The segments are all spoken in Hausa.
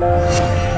Thank you.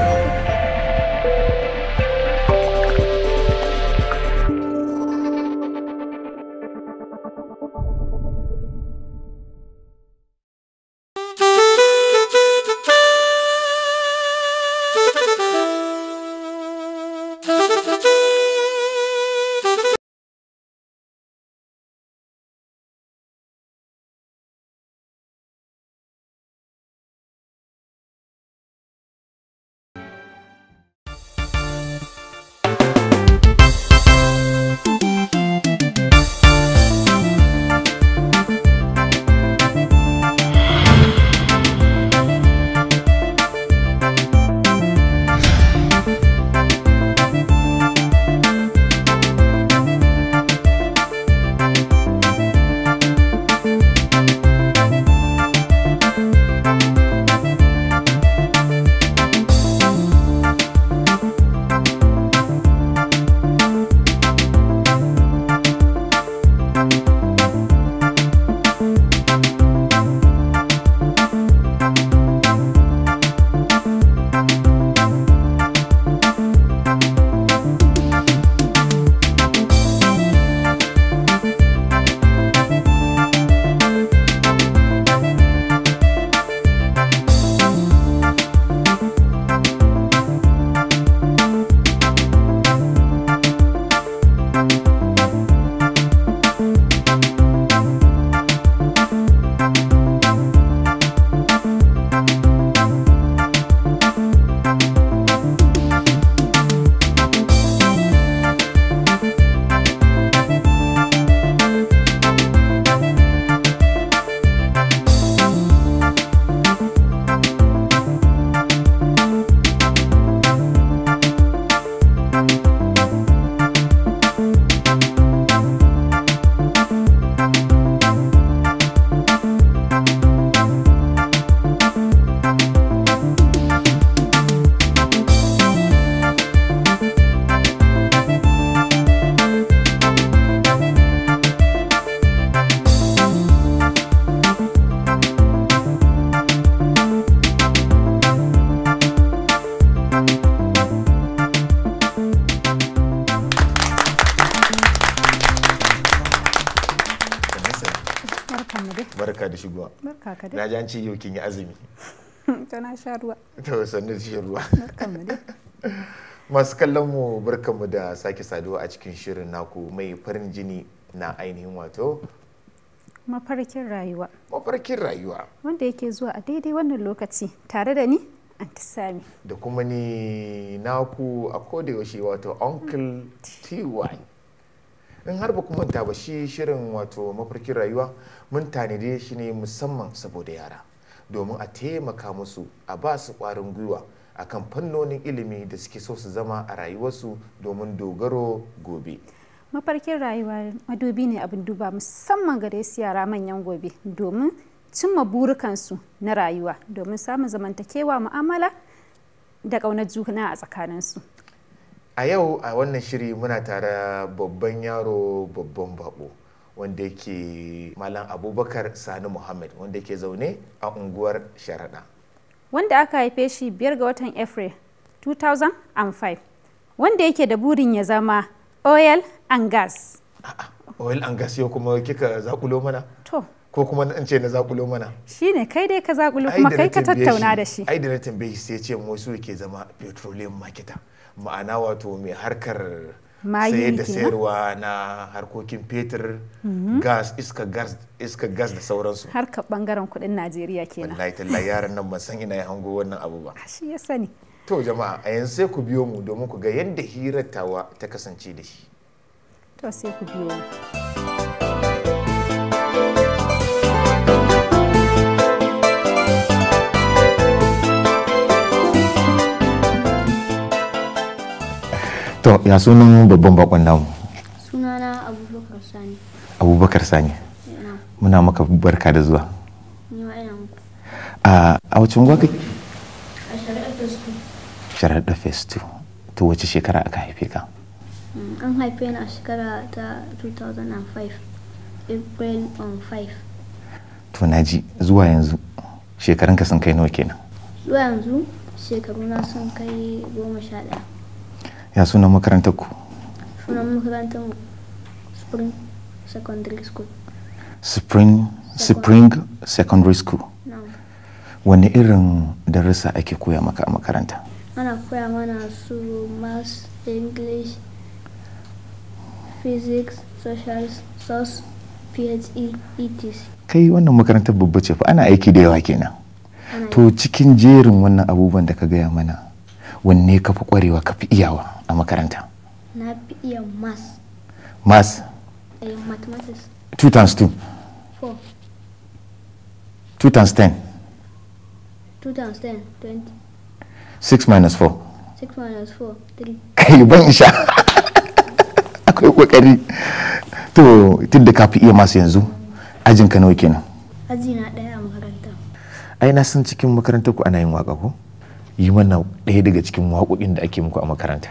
na ji an ce yau kin yi azumi ta na sha ruwa to sannan shi ruwa masu kallon mu mu da sake saduwa a cikin shirin naku mai farin jini na ainihin wato mafarkin rayuwa mafarkin rayuwa wanda yake zuwa a daidai wannan lokaci tare da ni Sami. da kuma ni naku a kodayaushe wato uncle ty in har ba ta ba shi shirin wato mafarkin rayuwa mun tanade shi ne musamman saboda yara domin a taimaka musu a ba su ƙwarin gwiwa a kan fannonin ilimi da suke so su zama a rayuwarsu domin dogaro gobe mafarkin rayuwa madobi ne abin duba musamman gare su yara manyan gobe domin cimma burukansu na rayuwa domin samun zamantakewa mu'amala da ƙaunar juna a tsakaninsu a yau a wannan shiri muna tare babban yaro babban baƙo. wanda ke malam abubakar sani muhammad wanda ke zaune a unguwar sharaɗa wanda aka haife shi biyar ga watan april 2005 wanda yake da burin ya zama oil and gas oil and gas yau kuma kika zakulo mana to ko kuma in ce na zakulo mana shine kai dai ka zakulo kuma kai ka tattauna da shi ai da na tambaye shi sai ce wasu su ke zama petroleum marketer ma'ana wato mai harkar sayar da sayarwa na harkokin fetur mhm. gas iska gas da sauransu harkar bangaren kudin najeriya kenan wallahi tallahi yaran nan ban san ina ya hango wannan abu ba ah, shi ya sani to jama'a a yanzu sai ku biyo mu domin ku ga yadda tawa ta kasance da shi to sai ku biyo mu to ya sunan babban bakon namu sunana abubakar sani abubakar sani muna maka barka da zuwa a a wacce unguwa kake a shari'ar festu shari'ar da festu to wace shekara aka haife ka mm, an haife ni a shekara ta 2005 april on 5 to naji zuwa yanzu ka sun kai nawa kenan zuwa yanzu shekaruna sun kai goma sha ɗaya ya sunan makarantar ku sunan makarantar spring secondary school spring spring secondary school wani irin darussa ake koya maka a makaranta ana koya mana su maths english physics social source phe etc kai wannan makarantar babba ce fa ana aiki da yawa kenan to cikin jerin wannan abubuwan da ka gaya mana wanne ka fi kwarewa ka fi iyawa a makaranta na fi iya mas mas eh, times 2 4 2 times 10 two times ten twenty. 6 minus 4 6 minus 4 3 kai ban isha akwai kokari to tun da ka fi iya masu yanzu ajinka nawa kenan aji na daya a makaranta ai na san cikin makarantar ku ana yin waka ko yi mana ɗaya daga cikin waƙoƙin da ake muku a makaranta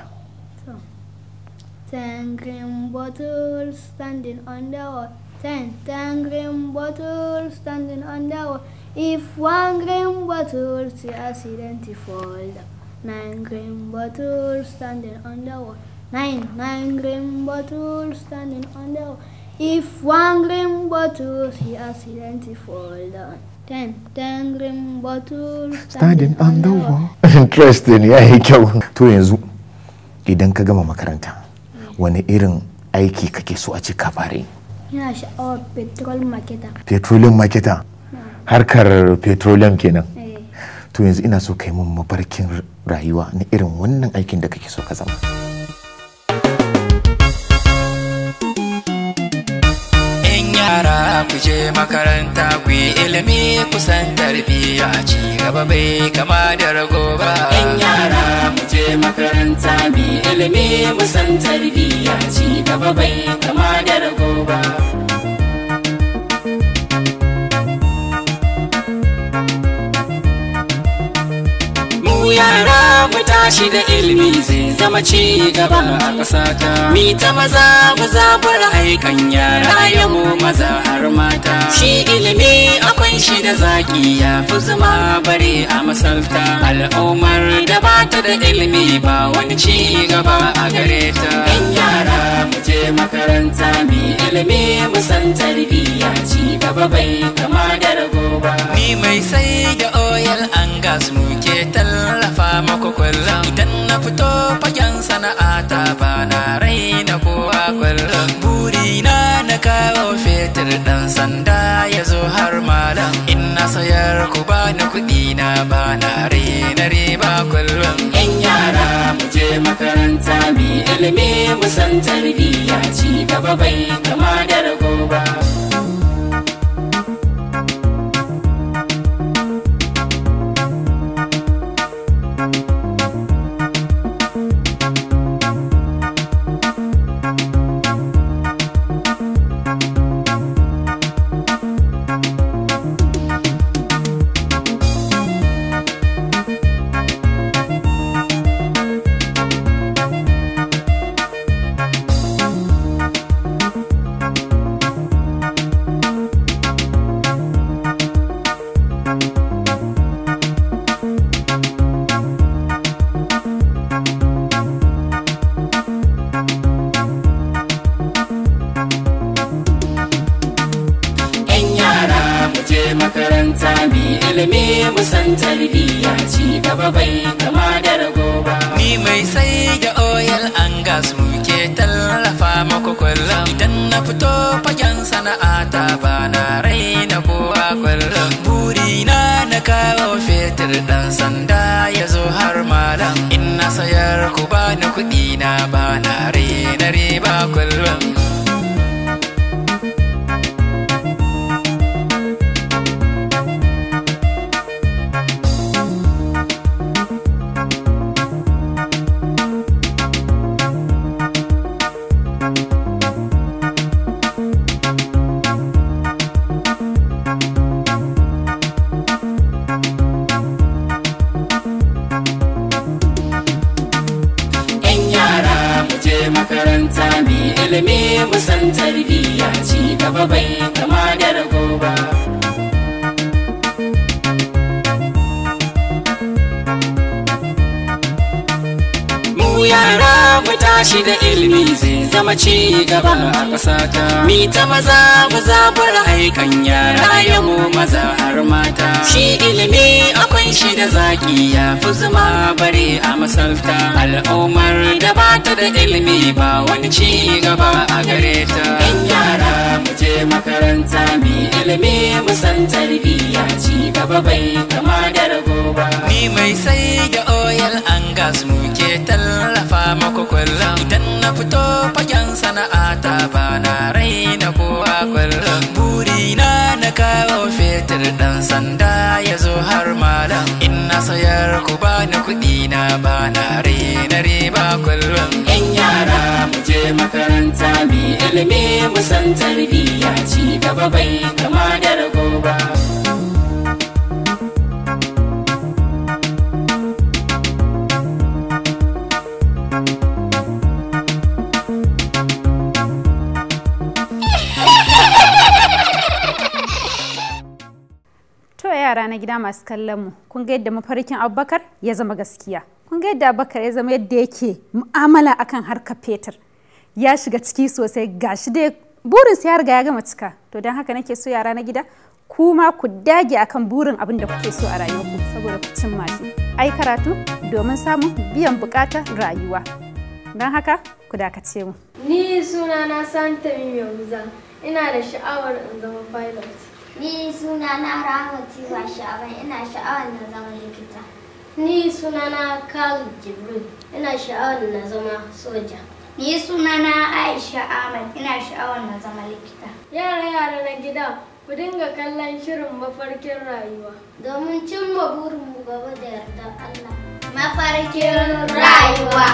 Ten green bottles standing on the wall. Ten, ten green bottles standing on the wall. If one green bottle is accidentally fall Nine green bottles standing on the wall. Nine, nine green bottles standing on the wall. If one green bottle he accidentally fall Ten, ten green bottles standing, standing on, the wall. interesting ya yi kyau to yanzu idan ka gama makaranta wani irin aiki kake so a ce ka fara yi ina sha'awar petrol marketer petroleum marketer hmm. harkar petroleum kenan eh. to yanzu ina so kai mun mafarkin rayuwa na irin wannan aikin da kake so ka zama yara ku je makaranta ku yi ilimi kusan tarbiyya a ci gaba bai kama da rago ba yan yara mu je makaranta mu ilimi kusan tarbiyya ci gaba bai kama da rago ba yara mu tashi da ilimi zai zama ci gaba a ƙasata mi ta maza mu zabura aikan yara ya mu maza har mata shi ilimi akwai shi da zaki ya fi zuma bare a masalta al'ummar da ba ta da ilimi ba wani ci gaba a gare ta yan yara mu je makaranta mi ilimi mu san tarbiyya ci gaba bai kama da rago ba Mi mai sai da oyal an gas muke talla fama kwallon. idan na fito fagen sana'ata ba na raina kowa kwallon. burina na kawo fetur dan sanda ya zo har malam ina sayar ku ba ni kuɗi na ba na raina riba kwallon. yan yara mu je makaranta mi ilimi mu san tarbiyya ci gaba bai kama da rago makaranta mi ilimi musan tarbiyya ci gaba bai kama da rago ba ni mai sai da oyal an gas muke tallafa mako kwallon. idan na fito fagen sana'ata ba na raina kowa kullum burina na kawo fetur dan sanda ya zo har malam Ina sayar ku bani kuɗi na ba na rena riba kullum makaranta mai ilimi musan tarbiyya ci gaba bai kama da ragowa. yara mu tashi da ilimi zai zama ci gaba a ƙasata. Mi ta maza mu zabar aikan yara ya mu maza har mata. Shi ilimi akwai shi da zaki ya fi zuma bare a masalta. Al'ummar da ba ta da ilimi ba wani ci gaba a gare ta. yara mu je makaranta mi ilimi mu san ya ci gaba bai kama da rago ba. Ni mai sai da oil an gas muke tallafa mako kullum. Idan na fito fagen sana'ata ba na raina kowa kullum. Burina na kawo fetur ɗan sanda ya zo har malam. In na sayar ku bani kuɗi na ba na raina riba kullum. Yan yara mu je makaranta mi ilimi mu san tarbiyya ci gaba bai kama da rago ba. yara na gida masu kallon mu kun ga yadda mafarkin abubakar ya zama gaskiya kun ga yadda abubakar ya zama yadda yake mu'amala akan harkar fetur ya shiga ciki sosai ga shi dai burin ya riga ya gama cika to don haka nake so yara na gida kuma ku dage akan burin abin da kuke so a rayuwarku saboda ku cimma shi ai karatu domin samun biyan bukatar rayuwa don haka ku dakace mu ni sunana santa mimiyar ina da sha'awar in zama pilot Ni suna na Rahama Tiwa Sha'aban ina sha'awar na zama likita. Ni suna na Kalu Jibril ina sha'awar na zama soja. Ni suna na Aisha Ahmed ina sha'awar na zama likita. Yara yara na gida ku dinga kallon shirin mafarkin rayuwa. Domin cimma burinmu gaba da yarda, Allah. Mafarkin rayuwa.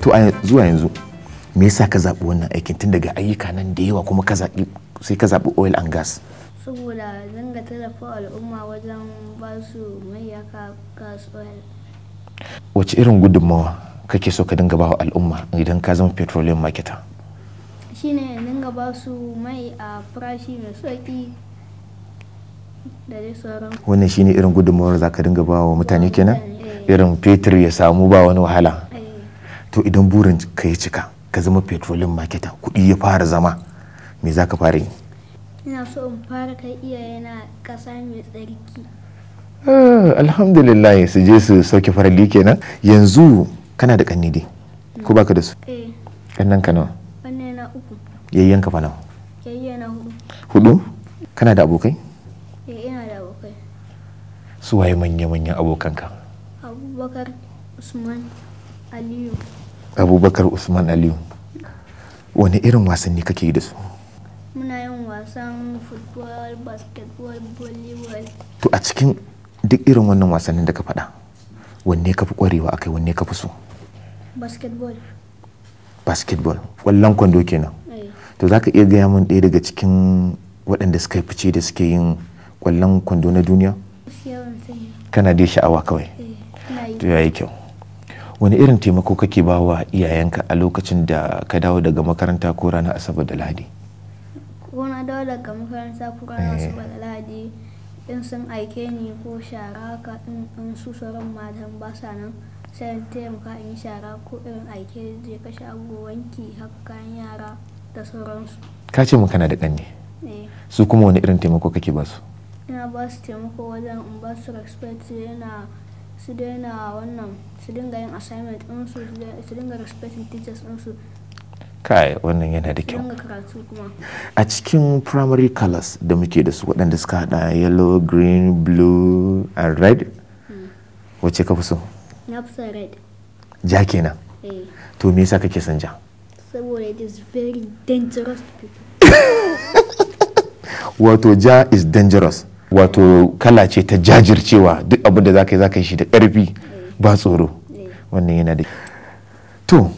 To a zuwa yanzu me yasa ka zaɓi wannan aikin tun daga ayyuka nan da yawa kuma ka zaɓi sai ka zaɓi oil and gas saboda zanga tallafa al'umma wajen ba su mai yaka gas oil wace irin gudunmawa kake so ka dinga ba wa al'umma idan ka zama petroleum marketer shine dinga ba su mai a farashi mai sauki da dai sauran wannan shine irin gudunmawar za ka dinga ba wa mutane kenan eh. irin fetur ya samu ba wani wahala eh. to idan burin ka ya cika ka zama petroleum marketer kuɗi ya fara zama me za ka fara yi ina so in fara kai iyayena kasa mai tsarki ah, alhamdulillah su je su sauke farali kenan yanzu kana da kanni dai ko baka da su kannan eh. ka nawa kannan na uku yayyan ka fa nawa yayyan na hudu hudu kana da abokai eh ina da abokai su waye manya manyan abokan ka abubakar usman aliyu abubakar usman aliyu wani irin wasanni kake yi da su muna yin wasan football basketball volleyball to a cikin duk irin wannan wasannin da ka faɗa wanne ka fi ƙwarewa akai wanne ka fi so basketball basketball ƙwallon kwando kenan eh. to za ka iya gaya min ɗaya daga cikin waɗanda suka fice da suke yin ƙwallon kwando na duniya kana dai sha'awa kawai eh, to ya yi kyau wani irin taimako kake bawa iyayenka a lokacin da ka dawo daga makaranta ko ranar asabar da lahadi dawo daga makaranta kuma na su lahadi in sun aike ni ko shara ka in su sauran matan ba sa nan sai in taimaka in shara ko irin aike je ka shago wanki haka kayan yara da sauransu ka ce muka kana da ɗan ne eh. su kuma wani irin taimako kake ba su ina ba su taimako wajen in ba su respect yana su daina wannan su dinga yin assignment ɗinsu su dinga respecting teachers su kai wannan yana da kyau a cikin primary colors da muke da su waɗanda suka hada yellow green blue and red hmm. wacce ka fi so na fi son red ja kenan eh. to me yasa kake son ja saboda it is very dangerous wato ja is dangerous wato kala ce ta jajircewa duk abin da zaka yi zaka yi shi da ƙarfi eh. ba tsoro eh. wannan yana da to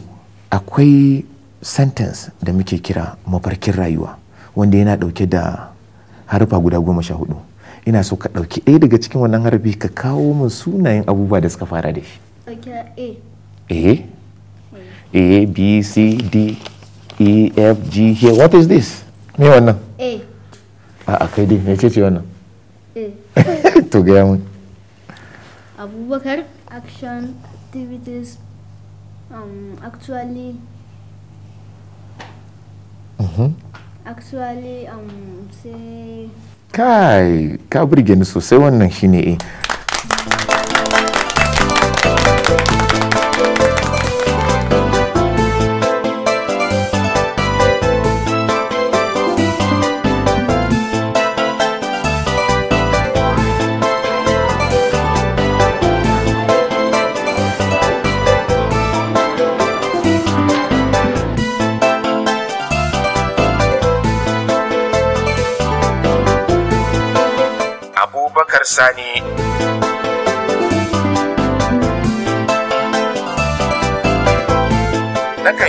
akwai sentence da muke kira mafarkin rayuwa wanda yana ɗauke da harufa guda goma sha hudu ina so ka ɗauki ɗaya daga cikin wannan harfi ka kawo min sunayen abubuwa da suka fara da shi A A B C D E F G H what is this me wannan A a kai dai me ce wannan to gaya mun Abubakar action activities um, actually Mm-hmm. actually um, say kai ka burge ni sosai wannan shine eh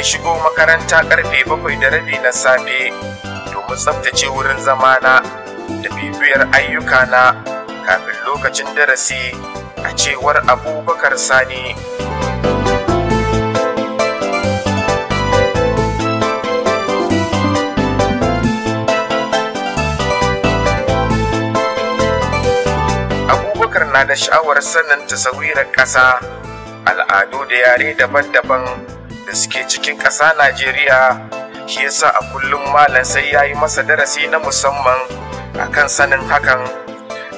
Nakan shigo makaranta karfe bakwai da rabi na safe domin tsaftace wurin zamana da bibiyar ayyukana kafin lokacin darasi a cewar abubakar sani. Abubakar na da sha'awar sanin tasawirar ƙasa, al'adu da yare daban-daban da suke cikin ƙasa najeriya shi yasa a kullum malam sai ya yi masa darasi na musamman a kan sanin hakan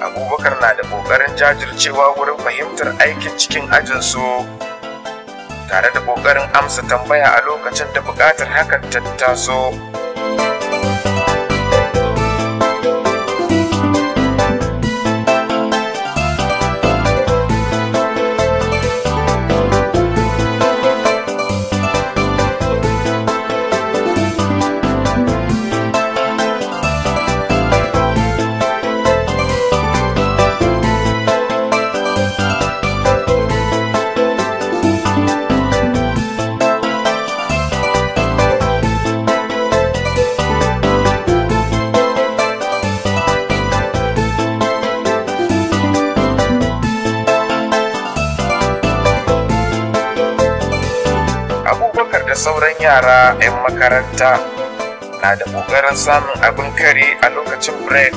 abubakar na da ƙoƙarin jajircewa wurin fahimtar aikin cikin ajinsu tare da ƙoƙarin amsa tambaya a lokacin da buƙatar hakan ta taso yara 'yan makaranta na da ƙoƙarin samun abin kare a lokacin break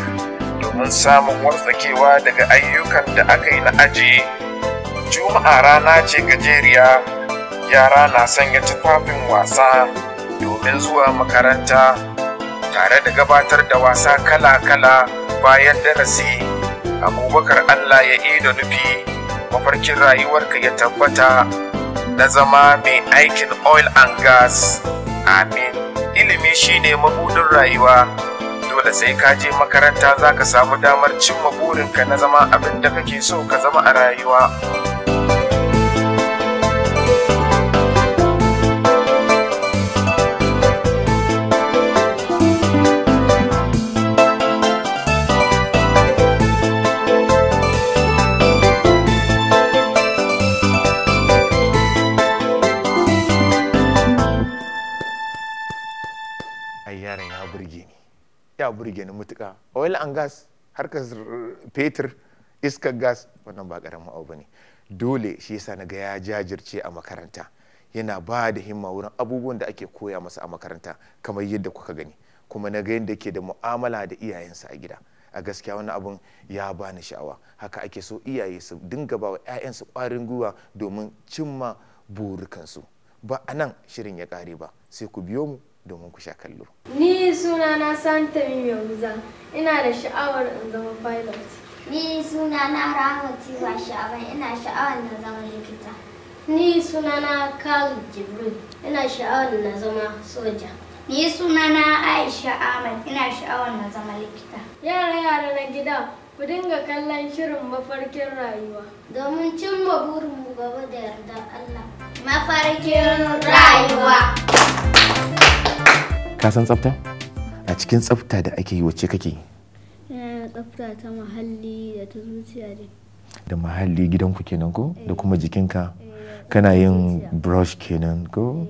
domin samun warzakewa daga ayyukan da aka yi na aji juma'a rana ce gajeriya yara na sanya tufafin wasa domin zuwa makaranta tare da gabatar da wasa kala-kala bayan darasi abubakar allah ya da nufi mafarkin rayuwarka ya tabbata na zama mai aikin oil and gas amin ilimi shine mabudin rayuwa dole sai ka je makaranta za ka samu damar cimma burinka na zama abin da kake so ka zama a rayuwa burge ni mutuka oil and gas harkar fetur iskar gas wannan ba karamin abu bane dole shi yasa na ga ya jajirce a makaranta yana ba da himma wurin abubuwan da ake koya masa a makaranta kamar yadda kuka gani kuma na ga yadda ke da mu'amala da iyayensa a gida a gaskiya wani abun ya bani sha'awa haka ake so iyaye su dinga ba wa 'ya'yansu kwarin gwiwa domin cimma burukansu ba a nan shirin ya kare ba sai ku biyo mu domin ku sha kallo ni suna na santa mimiyoza ina da sha'awar in zama pilot ni suna na rahama tiwa sha'aban ina sha'awar na zama likita ni suna na karl jibril ina sha'awar na zama soja ni suna na aisha ahmad ina sha'awar na zama likita yara yara na gida ku dinga kallon shirin mafarkin rayuwa domin cimma burinmu gaba da yarda allah mafarkin rayuwa ka san tsafta a cikin tsafta da ake yi wacce kake yi eh, tsafta ta muhalli da ta zuciya ne da muhalli gidanku kenan ko da eh. kuma jikinka eh, kana yin brush kenan ko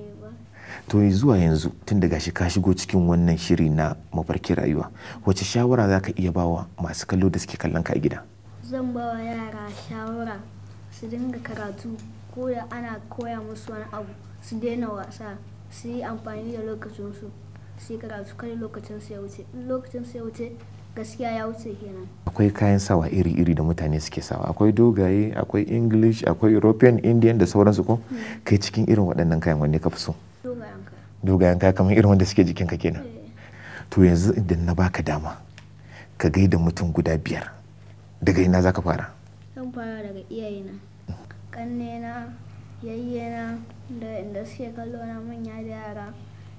to zuwa yanzu tun daga shi ka shigo cikin wannan shiri na mafarkin rayuwa wace shawara za ka iya bawa masu kallo da suke kallon ka a gida zan ba wa yara shawara su dinga karatu ko ana koya musu wani abu su daina wasa su yi amfani da lokacinsu sai ka karatu kai lokacin sai ya wuce lokacin sai ya wuce gaskiya ya wuce kenan akwai kayan sawa iri-iri da mutane suke sawa akwai dogaye akwai english akwai european indian da sauransu ko hmm. kai cikin irin waɗannan kayan wanne ka fi so dogayen kaya kamar irin wanda suke jikinka kenan eh. to yanzu idan na baka dama ka gaida mutum guda biyar daga ina za ka fara zan fara daga iyayena kannena yayyena da inda suke kallo na manya da yara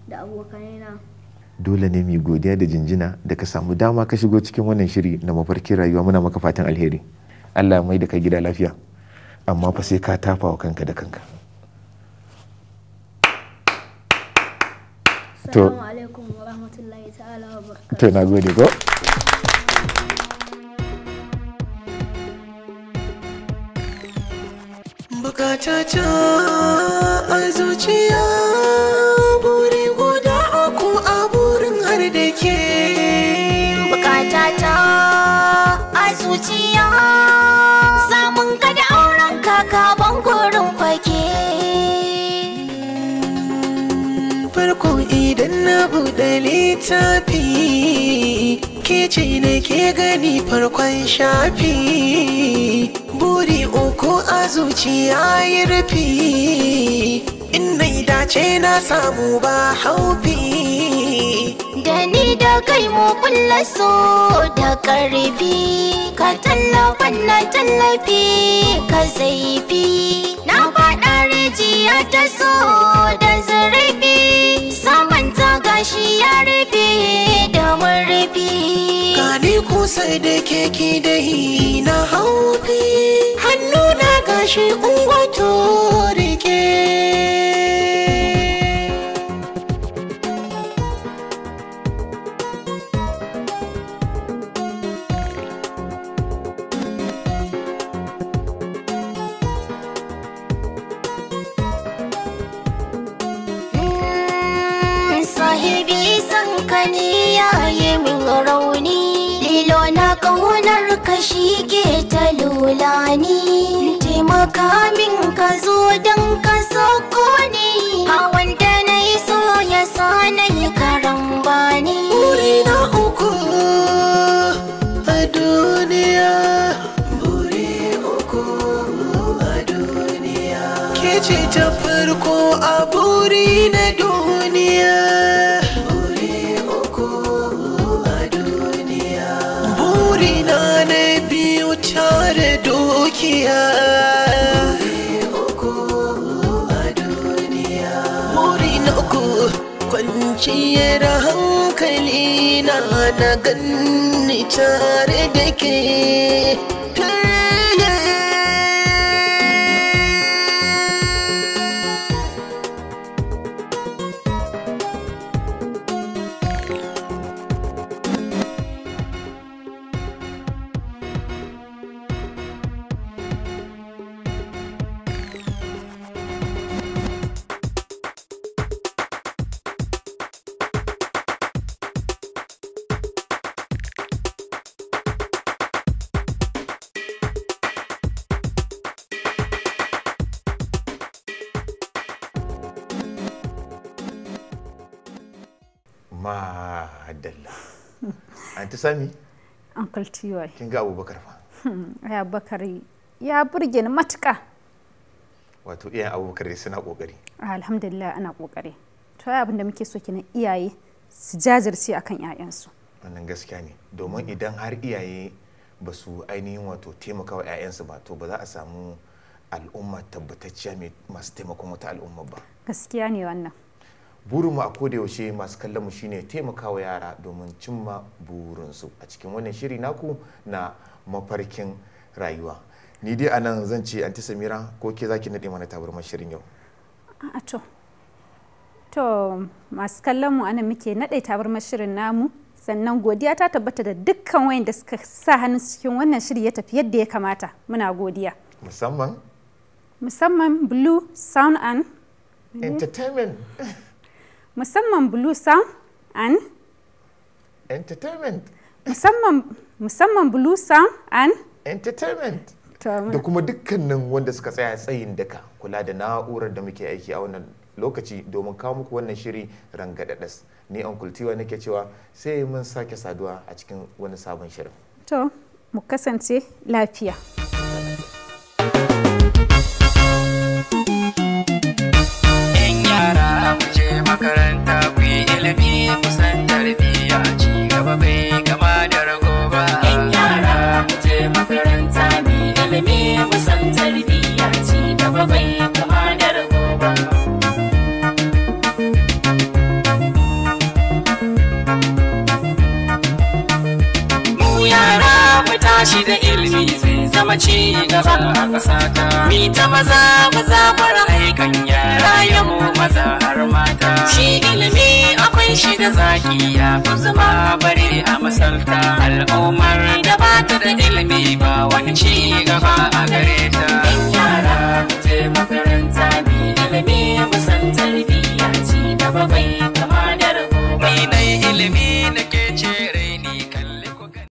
da abokanena dole ne mu godiya da jinjina da ka samu dama ka shigo cikin wannan shiri na mafarkin rayuwa muna maka fatan alheri Allah mai da ka gida lafiya amma fa sai ka tafa wa kanka da kanka to to na gode ko bukata ta a zuciya zuciya samun ka da auren kaka ban kwake farko idan na buɗe littafi ke ce na ke gani farkon shafi buri uku a zuciya yi rufi in nai dace na samu ba haufi da ni da kai mu kulla so da karfi ka talla wannan tallafi ka zaifi na faɗa rijiya ta so da zurfi saman ta gashi ya rufe da murfi ka ni kusa da keke dai na haufi hannu na shi unguwa to rike hmm, sahibi sanka ne yaye min rauni lilo na kaunar ka shi ke ta lulani kamin ka zo don ka so ne na yi so ya sa na yi karamba ne buri na uku a duniya buri uku a duniya ke ce ta farko a buri na duniya buri uku a duniya biyu tare dukiya kwanciyar hankali na na ganni tare da ke ma dalla an ta sami uncle kin ga abubakar fa hmm, ya bakar ya burge ni matuka wato iyayen abubakar suna kokari alhamdulillah ana kokari to abin abinda muke so kenan iyaye su jajirce akan 'ya'yansu wannan gaskiya ne domin idan har iyaye ba su ainihin wato taimaka wa 'ya'yansu ba to ba za a samu al'umma tabbatacciya masu taimakon wata al'umma ba gaskiya ne wannan burinmu a kodayaushe masu kallon mu shine taimakawa yara domin cimma burinsu a cikin wannan shiri naku na mafarkin rayuwa ni dai anan zan ce anti samira ko ke zaki nade mana tabarmar shirin yau a to to masu kallon mu anan muke nade tabarmar shirin namu sannan godiya ta tabbata da dukkan wayanda suka sa hannu cikin wannan shiri ya tafi yadda ya kamata muna godiya musamman musamman blue sound and entertainment musamman blue sound and entertainment musamman blue sound and entertainment da kuma dukkanin wanda suka tsaya tsayin daka kula da na'urar da muke aiki a wannan lokaci domin kawo muku wannan shiri rangadadas ni an kultiwa nake cewa sai mun sake saduwa a cikin wani sabon shirin to mu kasance lafiya makaranta ku yi ilimi kusan tarbiyya ci gaba bai kama da rago Yan yara mu je makaranta mu yi ilimi kusan tarbiyya ci gaba bai kama da rago Mu yara mu tashi da ilimi ta gaba a ƙasa ta. Mi ta maza maza bara aikan yara ya maza har mata. Shi ilimi akwai shi da zaki ya fi zuma bare a masalta. Al'ummar da ba ta da ilimi ba wani ci gaba a gare ta. Yan yara ku je makaranta mi ilimi musan tarbiyya ci gaba bai kama da rago. Ni